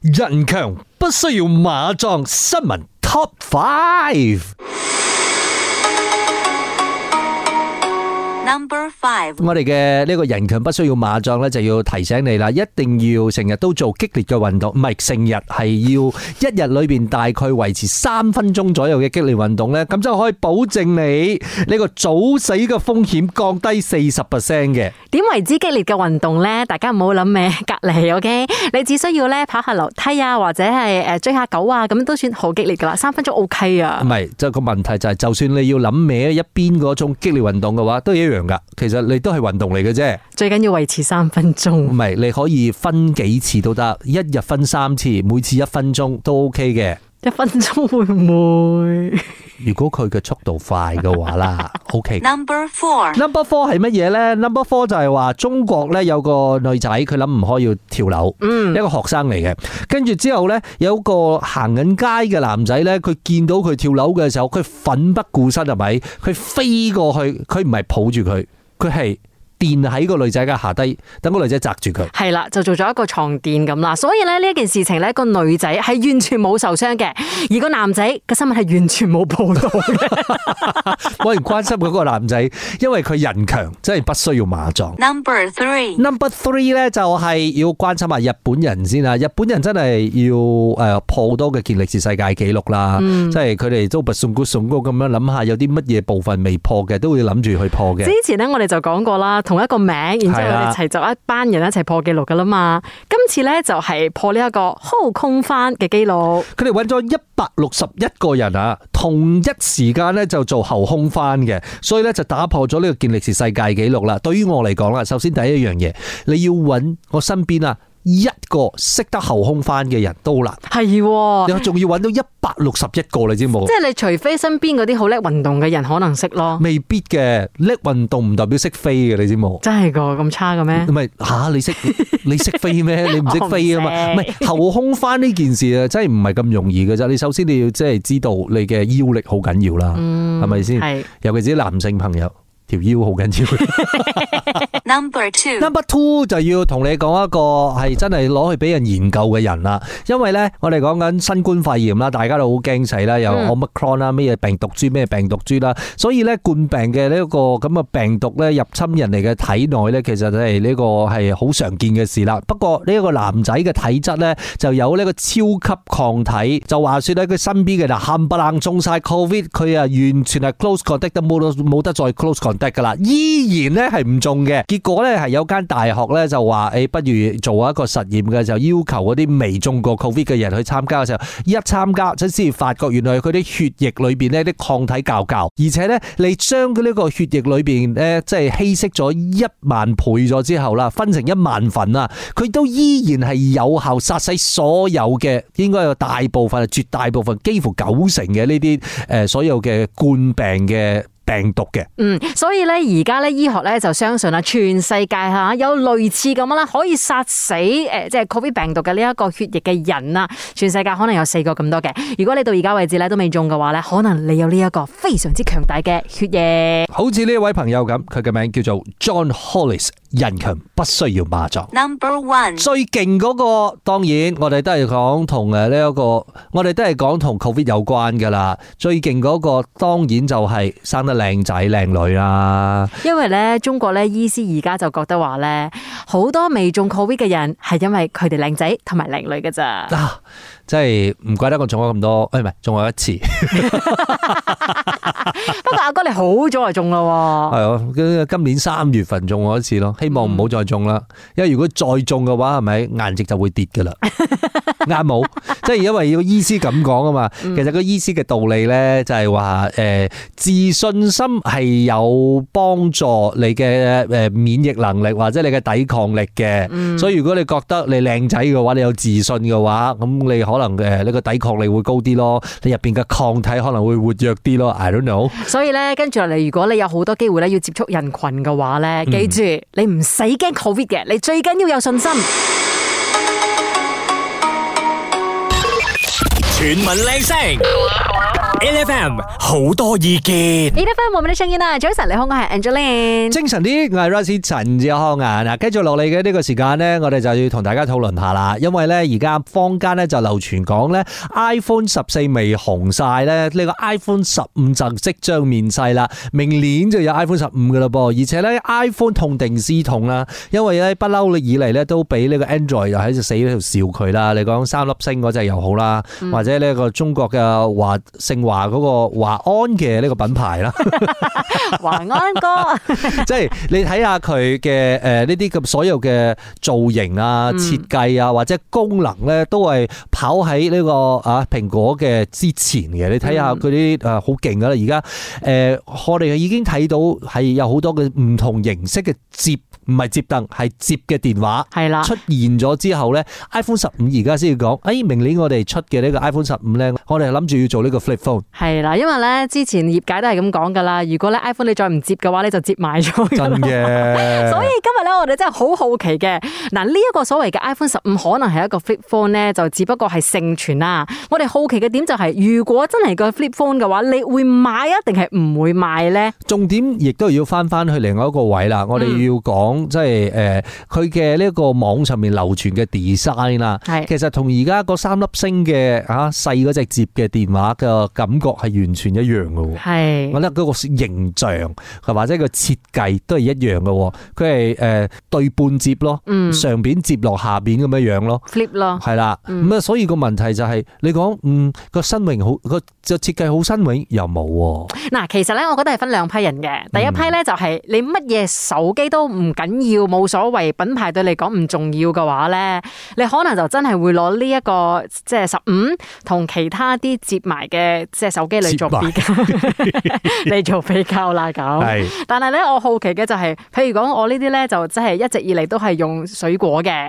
人強不需要馬壯，新聞 Top Five。Number five，我哋嘅呢個人強不需要馬壯咧就要提醒你啦，一定要成日都做激烈嘅運動，唔係成日係要一日裏邊大概維持三分鐘左右嘅激烈運動咧，咁就可以保證你呢個早死嘅風險降低四十 percent 嘅。點為之激烈嘅運動咧？大家唔好諗咩隔籬 OK，你只需要咧跑下樓梯啊，或者係誒追下狗啊，咁都算好激烈噶啦，三分鐘 OK 啊。唔係，就個問題就係，就算你要諗咩一邊嗰種激烈運動嘅話，都要。其實你都係運動嚟嘅啫。最緊要維持三分鐘，唔係你可以分幾次都得，一日分三次，每次一分鐘都 OK 嘅。一分鐘會唔會？如果佢嘅速度快嘅話啦，OK。Number four，number four 係乜嘢呢？Number four 就係話中國呢，有個女仔，佢諗唔開要跳樓，mm. 一個學生嚟嘅。跟住之後呢，有一個行緊街嘅男仔呢，佢見到佢跳樓嘅時候，佢奮不顧身，係咪？佢飛過去，佢唔係抱住佢，佢係。墊喺個女仔嘅下低，等個女仔砸住佢。係啦，就做咗一個床墊咁啦。所以咧，呢一件事情咧，個女仔係完全冇受傷嘅，而個男仔個新聞係完全冇報到。我唔關心佢個男仔，因為佢人強，真係不需要馬壯。Number three，number three 咧就係要關心埋日本人先啦。日本人真係要誒破多嘅健力士世界紀錄啦。即係佢哋都不送古送古咁樣諗下，有啲乜嘢部分未破嘅，都會諗住去破嘅。之前呢，我哋就講過啦。同一個名，然之後一齊做一班人一齊破紀錄噶啦嘛。今次呢，就係破呢一個後空翻嘅紀錄。佢哋揾咗一百六十一個人啊，同一時間呢，就做後空翻嘅，所以呢，就打破咗呢個健力士世界紀錄啦。對於我嚟講啦，首先第一樣嘢，你要揾我身邊啊。一個識得後空翻嘅人都好難，係，又仲要揾到一百六十一個，你知冇？即係你除非身邊嗰啲好叻運動嘅人可能識咯，未必嘅，叻運動唔代表識飛嘅，你知冇？真係個咁差嘅咩？唔係吓，你識你識飛咩？你唔識飛啊嘛？唔係，後空翻呢件事啊，真係唔係咁容易嘅啫。你首先你要即係知道你嘅腰力好緊要啦，係咪先？係，尤其是啲男性朋友。條腰好緊要。Number two，number two 就要同你講一個係真係攞去俾人研究嘅人啦。因為咧，我哋講緊新冠肺炎啦，大家都好驚死啦，有 Omicron 啦，咩病毒株，咩病毒株啦。所以咧，冠病嘅呢一個咁嘅病毒咧，入侵人哋嘅體內咧，其實就係呢個係好常見嘅事啦。不過呢一個男仔嘅體質咧，就有呢個超級抗體，就話說咧佢身邊嘅人冚唪唥中晒 covid，佢啊完全係 close contact 冇冇得再 close contact。得噶啦，依然咧係唔中嘅。結果咧係有間大學咧就話，誒不如做一個實驗嘅，就要求嗰啲未中過 Covid 嘅人去參加嘅時候，一參加即係先發覺，原來佢啲血液裏邊咧啲抗體較較，而且咧你將佢呢個血液裏邊咧即係稀釋咗一萬倍咗之後啦，分成一萬份啦，佢都依然係有效殺死所有嘅，應該有大部分啊，絕大部分幾乎九成嘅呢啲誒所有嘅冠病嘅。病毒嘅，嗯，所以咧而家咧醫學咧就相信啦，全世界吓有類似咁樣啦，可以殺死誒即係 Covid 病毒嘅呢一個血液嘅人啊，全世界可能有四個咁多嘅。如果你到而家為止咧都未中嘅話咧，可能你有呢一個非常之強大嘅血液。好似呢一位朋友咁，佢嘅名叫做 John Hollis，人強不需要馬壯。Number one 最勁嗰個，當然我哋都係講同誒呢一個，我哋都係講同 Covid 有關噶啦。最勁嗰個當然就係生得。靚仔靚女啦，啊，因為咧中國咧醫師而家就覺得話咧，好多未中 Covid 嘅人係因為佢哋靚仔同埋靚女㗎咋，即係唔怪得我中咗咁多，誒唔係仲有一次。 不過阿哥你好早就中咯。係啊，今年三月份中我一次中咗一次咯，希望唔好再中啦，因為如果再中嘅話，係咪顏值就會跌噶啦？啱，冇，即係因為要醫師咁講啊嘛。其實個醫師嘅道理咧，就係話誒，自信心係有幫助你嘅誒免疫能力或者你嘅抵抗力嘅。所以如果你覺得你靚仔嘅話，你有自信嘅話，咁你可能誒你個抵抗力會高啲咯，你入邊嘅抗體可能會活躍啲咯。I 所以咧，跟住落嚟，如果你有好多機會咧，要接觸人群嘅話咧，記住、嗯、你唔使驚 COVID 嘅，你最緊要有信心。全民靚聲。L.F.M. 好多意見，L.F.M. 我們的聲音啦，早晨你好，我係 Angeline，精神啲，我係 Rusty 陳志康啊。嗱，繼續落嚟嘅呢個時間咧，我哋就要同大家討論下啦。因為咧，而家坊間咧就流傳講咧 iPhone 十四未紅晒咧，呢個 iPhone 十五就即將面世啦，明年就有 iPhone 十五㗎啦噃。而且咧，iPhone 痛定思痛啦，因為咧不嬲，你以嚟咧都俾呢個 Android 又喺度死喺度笑佢啦。你講三粒星嗰隻又好啦，或者呢個中國嘅華星。話華個華安嘅呢個品牌啦，華安哥，即係你睇下佢嘅誒呢啲咁所有嘅造型啊、設計啊或者功能咧，都係跑喺呢個啊蘋果嘅之前嘅。你睇下佢啲誒好勁噶啦，而家誒我哋已經睇到係有好多嘅唔同形式嘅。接唔係接凳，係接嘅電話係啦。的出現咗之後咧，iPhone 十五而家先要講，誒、哎，明年我哋出嘅呢個 iPhone 十五咧，我哋諗住要做呢個 flip phone。係啦，因為咧之前業界都係咁講噶啦。如果咧 iPhone 你再唔接嘅話，你就接埋咗。真嘅的。 所以今日咧，我哋真係好好奇嘅。嗱，呢一個所謂嘅 iPhone 十五可能係一個 flip phone 咧，就只不過係盛傳啦。我哋好奇嘅點就係、是，如果真係個 flip phone 嘅話，你會買啊，定係唔會買咧？重點亦都要翻翻去另外一個位啦。我哋、嗯。要講即係誒，佢嘅呢一個網上面流傳嘅 design 啦，係其實同而家嗰三粒星嘅啊細嗰隻摺嘅電話嘅感覺係完全一樣嘅喎，係我覺得嗰個形象係或者個設計都係一樣嘅喎，佢係誒對半摺咯，嗯，上邊摺落下邊咁樣樣咯，flip 咯，係啦，咁啊，所以個問題就係你講嗯個新穎好個就設計好新穎又冇喎，嗱，其實咧我覺得係分兩批人嘅，第一批咧就係你乜嘢手機都。都唔緊要，冇所謂，品牌對你講唔重要嘅話咧，你可能就真係會攞呢一個即係十五同其他啲接埋嘅即係手機嚟作比較，嚟做比較啦咁。是但係咧，我好奇嘅就係、是，譬如講我呢啲咧，就真係一直以嚟都係用水果嘅，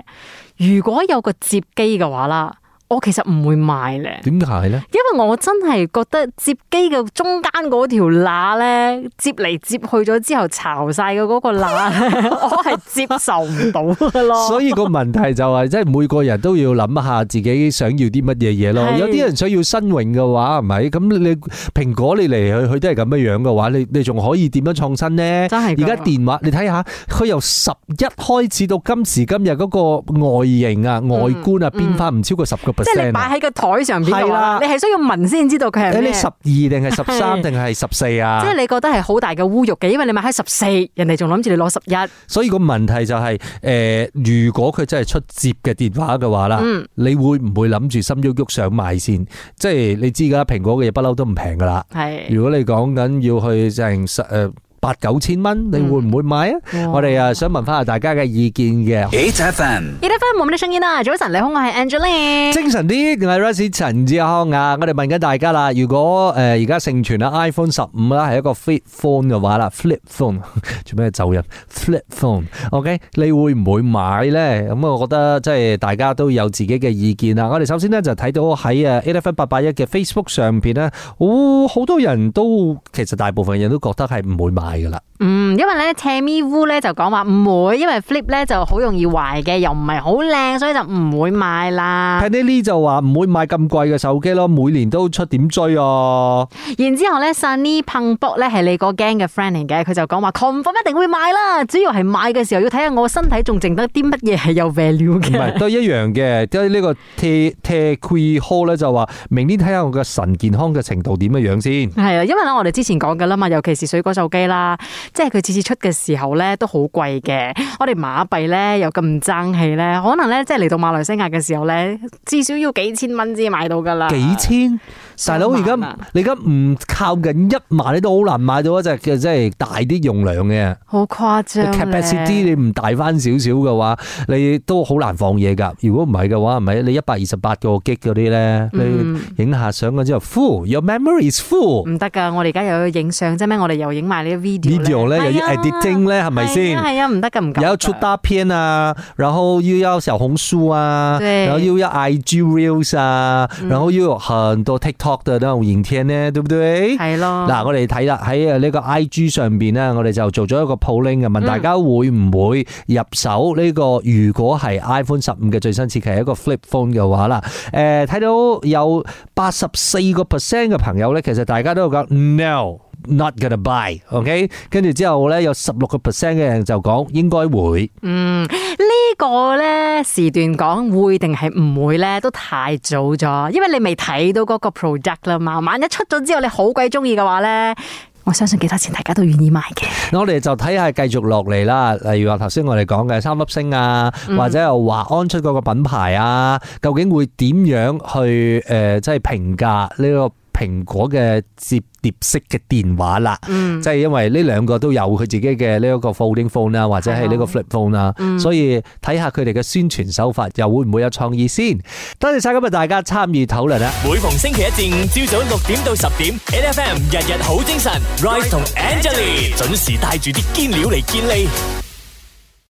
如果有個接機嘅話啦。我其實唔會賣咧，點解咧？因為我真係覺得接機嘅中間嗰條罅咧，接嚟接去咗之後，巢曬嘅嗰個罅，我係接受唔到嘅咯。所以個問題就係，即係每個人都要諗一下自己想要啲乜嘢嘢咯。有啲人想要新穎嘅話，係咪？咁你蘋果你嚟嚟去去都係咁嘅樣嘅話，你你仲可以點樣創新咧？真係而家電話你睇下，佢由十一開始到今時今日嗰個外形啊、外觀啊變化唔超過十個。即係你擺喺個台上邊啦、啊，啊、你係需要聞先知道佢係咩？你十二定係十三定係十四啊？即係你覺得係好大嘅侮辱嘅，因為你買喺十四，人哋仲諗住你攞十一。所以個問題就係、是，誒、呃，如果佢真係出摺嘅電話嘅話啦，嗯、你會唔會諗住心喐喐想賣先？即係你知而家蘋果嘅嘢不嬲都唔平噶啦。係、啊，如果你講緊要去成十誒。呃八九千蚊你會唔會買啊？我哋啊想問翻下大家嘅意見嘅。Eight Eleven，Eight Eleven 冇乜聲音啊！早晨你好，我係 Angeline。精神啲，定係 Rusty 陳志康啊！我哋問緊大家啦，如果誒而家盛傳啦 iPhone 十五啦係一個 Flip Phone 嘅話啦，Flip Phone 做咩走入？Flip Phone，OK，你會唔會買咧？咁啊，我覺得即係大家都有自己嘅意見啦。我哋首先咧就睇到喺啊 Eight Eleven 八八一嘅 Facebook 上邊咧，嗚好多人都其實大部分人都覺得係唔會買。係噶啦。因為咧，Timi Wu 咧就講話唔會，因為 Flip 咧就好容易壞嘅，又唔係好靚，所以就唔會買啦。Pandeli 就話唔會買咁貴嘅手機咯，每年都出點追啊。然之後咧，Sunny Pangbo 咧係你個 gang 嘅 friend 嚟嘅，佢就講話 Confirm 一定會買啦，主要係買嘅時候要睇下我身體仲剩得啲乜嘢係有 value 嘅。唔係都一樣嘅，即係呢個 T-Trecho 咧就話，明年睇下我嘅腎健康嘅程度點樣先。係啊，因為咧我哋之前講㗎啦嘛，尤其是水果手機啦，即係佢。次次出嘅時候咧都好貴嘅，我哋馬幣咧又咁唔爭氣咧，可能咧即係嚟到馬來西亞嘅時候咧，至少要幾千蚊先買到㗎啦。幾千？大佬，而家你而家唔靠近一萬，你都好難買到一隻嘅，即係大啲容量嘅。好誇張咧！capacity 你唔大翻少少嘅話，你都好難放嘢㗎。如果唔係嘅話，唔係你一百二十八個 G 嗰啲咧，你影下相之後，full your memory is full。唔得㗎！我哋而家又要影相，即係咩？我哋又影埋呢 video 咧，又要 editing 咧，係咪先？係啊，唔得㗎，唔夠。有出大片啊，然後又要小紅書啊，然後又要 IG reels 啊，然後又有很多 TikTok。學嘅都好嚴聽咧，對唔對？係咯。嗱，我哋睇啦喺呢個 IG 上邊咧，我哋就做咗一個 polling，問大家會唔會入手呢個？如果係 iPhone 十五嘅最新設計係一個 flip phone 嘅話啦，誒，睇到有八十四個 percent 嘅朋友咧，其實大家都係講 no。Not gonna buy，OK，跟住之後咧有十六個 percent 嘅人就講應該會。嗯，呢個咧時段講會定係唔會咧都太早咗，因為你未睇到嗰個 product 啦嘛。萬一出咗之後你好鬼中意嘅話咧，我相信幾多錢大家都願意買嘅。我哋就睇下繼續落嚟啦，例如話頭先我哋講嘅三粒星啊，或者又華安出嗰個品牌啊，究竟會點樣去誒即係評價呢個？蘋果嘅摺疊式嘅電話啦，即係、嗯、因為呢兩個都有佢自己嘅呢一個 folding phone 啦，或者係呢個 flip phone 啦、嗯，所以睇下佢哋嘅宣傳手法又會唔會有創意先。嗯、多謝晒今日大家參與討論啊！每逢星期一至五朝早六點到十點 MY FM 日日好精神，Rise 同 Angelina 準時帶住啲堅料嚟堅利。